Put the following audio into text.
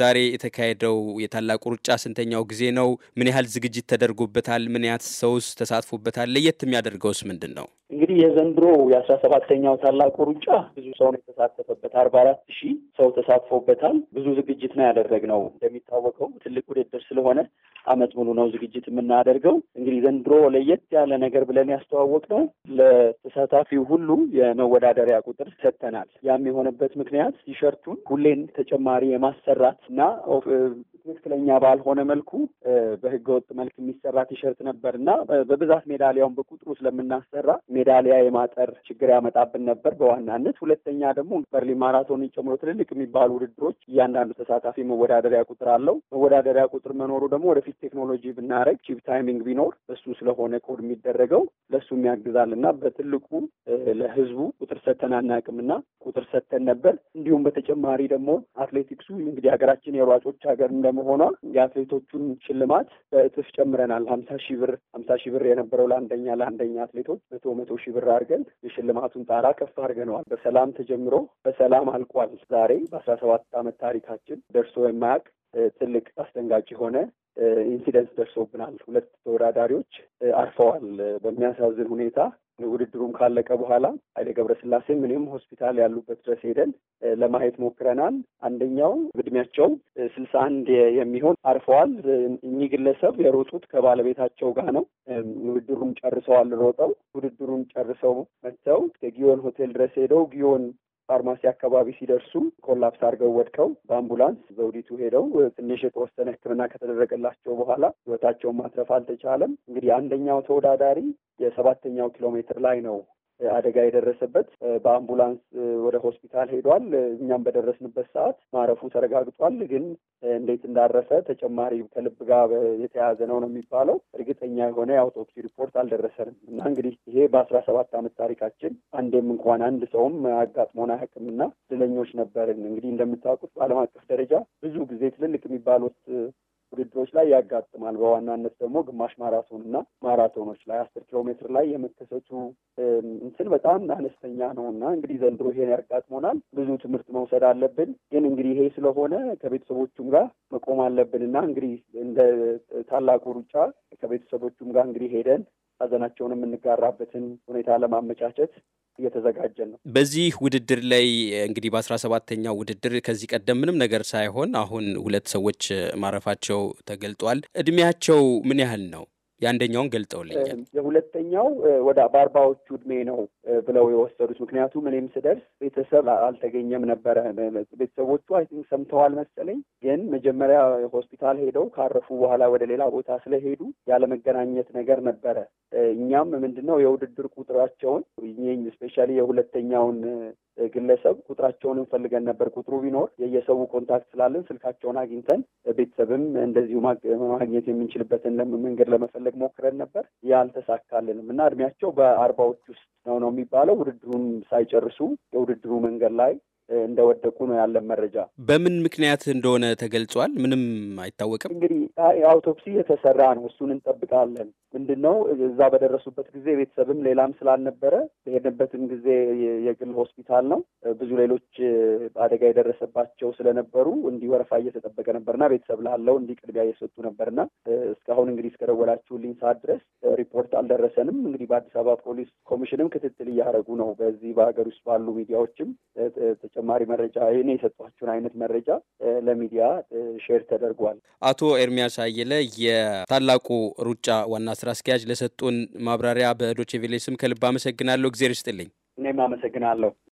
ዛሬ የተካሄደው የታላቁ ሩጫ ስንተኛው ጊዜ ነው? ምን ያህል ዝግጅት ተደርጎበታል? ምን ያህል ሰውስ ተሳትፎበታል? ለየት የሚያደርገውስ ምንድን ነው? እንግዲህ የዘንድሮ የአስራ ሰባተኛው ታላቁ ሩጫ ብዙ ሰው ነው የተሳተፈበት። አርባ አራት ሺህ ሰው ተሳትፎበታል። ብዙ ዝግጅት ነው ያደረግነው። እንደሚታወቀው ትልቅ ውድድር ስለሆነ አመት ሙሉ ነው ዝግጅት የምናደርገው። እንግዲህ ዘንድሮ ለየት ያለ ነገር ብለን ያስተዋወቅ ነው ለተሳታፊው ሁሉ የመወዳደሪያ ቁጥር ሰጥተናል። ያም የሆነበት ምክንያት ቲሸርቱን ሁሌን ተጨማሪ የማሰራት እና ትክክለኛ ባልሆነ መልኩ በህገወጥ መልክ የሚሰራ ቲሸርት ነበር እና በብዛት ሜዳሊያውን በቁጥሩ ስለምናሰራ ሜዳሊያ የማጠር ችግር ያመጣብን ነበር በዋናነት። ሁለተኛ ደግሞ በርሊን ማራቶንን ጨምሮ ትልልቅ የሚባሉ ውድድሮች እያንዳንዱ ተሳታፊ መወዳደሪያ ቁጥር አለው። መወዳደሪያ ቁጥር መኖሩ ደግሞ ወደፊት ቴክኖሎጂ ብናደረግ ቺፕ ታይሚንግ ቢኖር እሱ ስለሆነ ኮድ የሚደረገው ለእሱ የሚያግዛል እና በትልቁ ለህዝቡ ቁጥር ሰተን አናቅም እና ቁጥር ሰተን ነበር። እንዲሁም በተጨማሪ ደግሞ አትሌቲክሱ እንግዲህ ሀገራችን የሯጮች ሀገር እንደ በመሆኗ የአትሌቶቹን ሽልማት በእጥፍ ጨምረናል። ሀምሳ ሺህ ብር ሀምሳ ሺህ ብር የነበረው ለአንደኛ ለአንደኛ አትሌቶች መቶ መቶ ሺህ ብር አድርገን የሽልማቱን ጣራ ከፍ አድርገነዋል። በሰላም ተጀምሮ በሰላም አልቋል። ዛሬ በአስራ ሰባት ዓመት ታሪካችን ደርሶ የማያውቅ ትልቅ አስደንጋጭ የሆነ ኢንሲደንስ ደርሶብናል። ሁለት ተወዳዳሪዎች አርፈዋል በሚያሳዝን ሁኔታ። ውድድሩም ካለቀ በኋላ ኃይሌ ገብረስላሴም እኔም ሆስፒታል ያሉበት ድረስ ሄደን ለማየት ሞክረናል። አንደኛው እድሜያቸው ስልሳ አንድ የሚሆን አርፈዋል። እኚህ ግለሰብ የሮጡት ከባለቤታቸው ጋር ነው። ውድድሩም ጨርሰዋል። ሮጠው ውድድሩን ጨርሰው መጥተው ከጊዮን ሆቴል ድረስ ሄደው ጊዮን ፋርማሲ አካባቢ ሲደርሱ ኮላፕስ አድርገው ወድቀው በአምቡላንስ ዘውዲቱ ሄደው ትንሽ የተወሰነ ሕክምና ከተደረገላቸው በኋላ ህይወታቸውን ማትረፍ አልተቻለም። እንግዲህ አንደኛው ተወዳዳሪ የሰባተኛው ኪሎ ሜትር ላይ ነው አደጋ የደረሰበት በአምቡላንስ ወደ ሆስፒታል ሄዷል። እኛም በደረስንበት ሰዓት ማረፉ ተረጋግጧል። ግን እንዴት እንዳረፈ ተጨማሪ ከልብ ጋር የተያያዘ ነው ነው የሚባለው። እርግጠኛ የሆነ የአውቶፕሲ ሪፖርት አልደረሰንም እና እንግዲህ ይሄ በአስራ ሰባት ዓመት ታሪካችን አንዴም እንኳን አንድ ሰውም አጋጥሞን አያውቅምና እድለኞች ነበርን። እንግዲህ እንደምታውቁት በዓለም አቀፍ ደረጃ ብዙ ጊዜ ትልልቅ የሚባሉት ውድድሮች ላይ ያጋጥማል። በዋናነት ደግሞ ግማሽ ማራቶን እና ማራቶኖች ላይ አስር ኪሎ ሜትር ላይ የመከሰቱ እንትን በጣም አነስተኛ ነው እና እንግዲህ ዘንድሮ ይሄን ያጋጥሞናል። ብዙ ትምህርት መውሰድ አለብን። ግን እንግዲህ ይሄ ስለሆነ ከቤተሰቦቹም ጋር መቆም አለብን እና እንግዲህ እንደ ታላቁ ሩጫ ከቤተሰቦቹም ጋር እንግዲህ ሄደን ሀዘናቸውን የምንጋራበትን ሁኔታ ለማመቻቸት እየተዘጋጀ ነው። በዚህ ውድድር ላይ እንግዲህ በአስራ ሰባተኛው ውድድር ከዚህ ቀደም ምንም ነገር ሳይሆን አሁን ሁለት ሰዎች ማረፋቸው ተገልጧል። እድሜያቸው ምን ያህል ነው? የአንደኛውን ገልጠውልኛል። የሁለተኛው ወደ በአርባዎቹ እድሜ ነው ብለው የወሰዱት ምክንያቱም እኔም ስደርስ ቤተሰብ አልተገኘም ነበረ። ቤተሰቦቹ አይ ቲንክ ሰምተዋል መሰለኝ፣ ግን መጀመሪያ ሆስፒታል ሄደው ካረፉ በኋላ ወደ ሌላ ቦታ ስለሄዱ ያለመገናኘት ነገር ነበረ። እኛም ምንድነው የውድድር ቁጥራቸውን ስፔሻሊ የሁለተኛውን ግለሰብ ቁጥራቸውን ፈልገን ነበር። ቁጥሩ ቢኖር የየሰው ኮንታክት ስላለን ስልካቸውን አግኝተን ቤተሰብም እንደዚሁ ማግኘት የምንችልበትን መንገድ ለመፈለግ ሞክረን ነበር። ያልተሳካልንም እና እድሜያቸው በአርባዎች ውስጥ ነው ነው የሚባለው ውድድሩን ሳይጨርሱ የውድድሩ መንገድ ላይ እንደወደቁ ነው ያለን መረጃ። በምን ምክንያት እንደሆነ ተገልጿል? ምንም አይታወቅም። እንግዲህ አውቶፕሲ የተሰራ ነው፣ እሱን እንጠብቃለን። ምንድን ነው እዛ በደረሱበት ጊዜ ቤተሰብም ሌላም ስላልነበረ በሄድንበትም ጊዜ የግል ሆስፒታል ነው፣ ብዙ ሌሎች አደጋ የደረሰባቸው ስለነበሩ እንዲህ ወረፋ እየተጠበቀ ነበርና ቤተሰብ ላለው እንዲህ ቅድሚያ እየሰጡ ነበርና እስካሁን እንግዲህ እስከደወላችሁልኝ ሰዓት ድረስ ሪፖርት አልደረሰንም። እንግዲህ በአዲስ አበባ ፖሊስ ኮሚሽንም ክትትል እያደረጉ ነው። በዚህ በሀገር ውስጥ ባሉ ሚዲያዎችም ተጨማሪ መረጃ ይህን የሰጧቸውን አይነት መረጃ ለሚዲያ ሼር ተደርጓል። አቶ ኤርሚያስ አየለ የታላቁ ሩጫ ዋና ስራ አስኪያጅ ለሰጡን ማብራሪያ በዶቼ ቬሌ ስም ከልብ አመሰግናለሁ። እግዜር ይስጥልኝ። እኔም አመሰግናለሁ።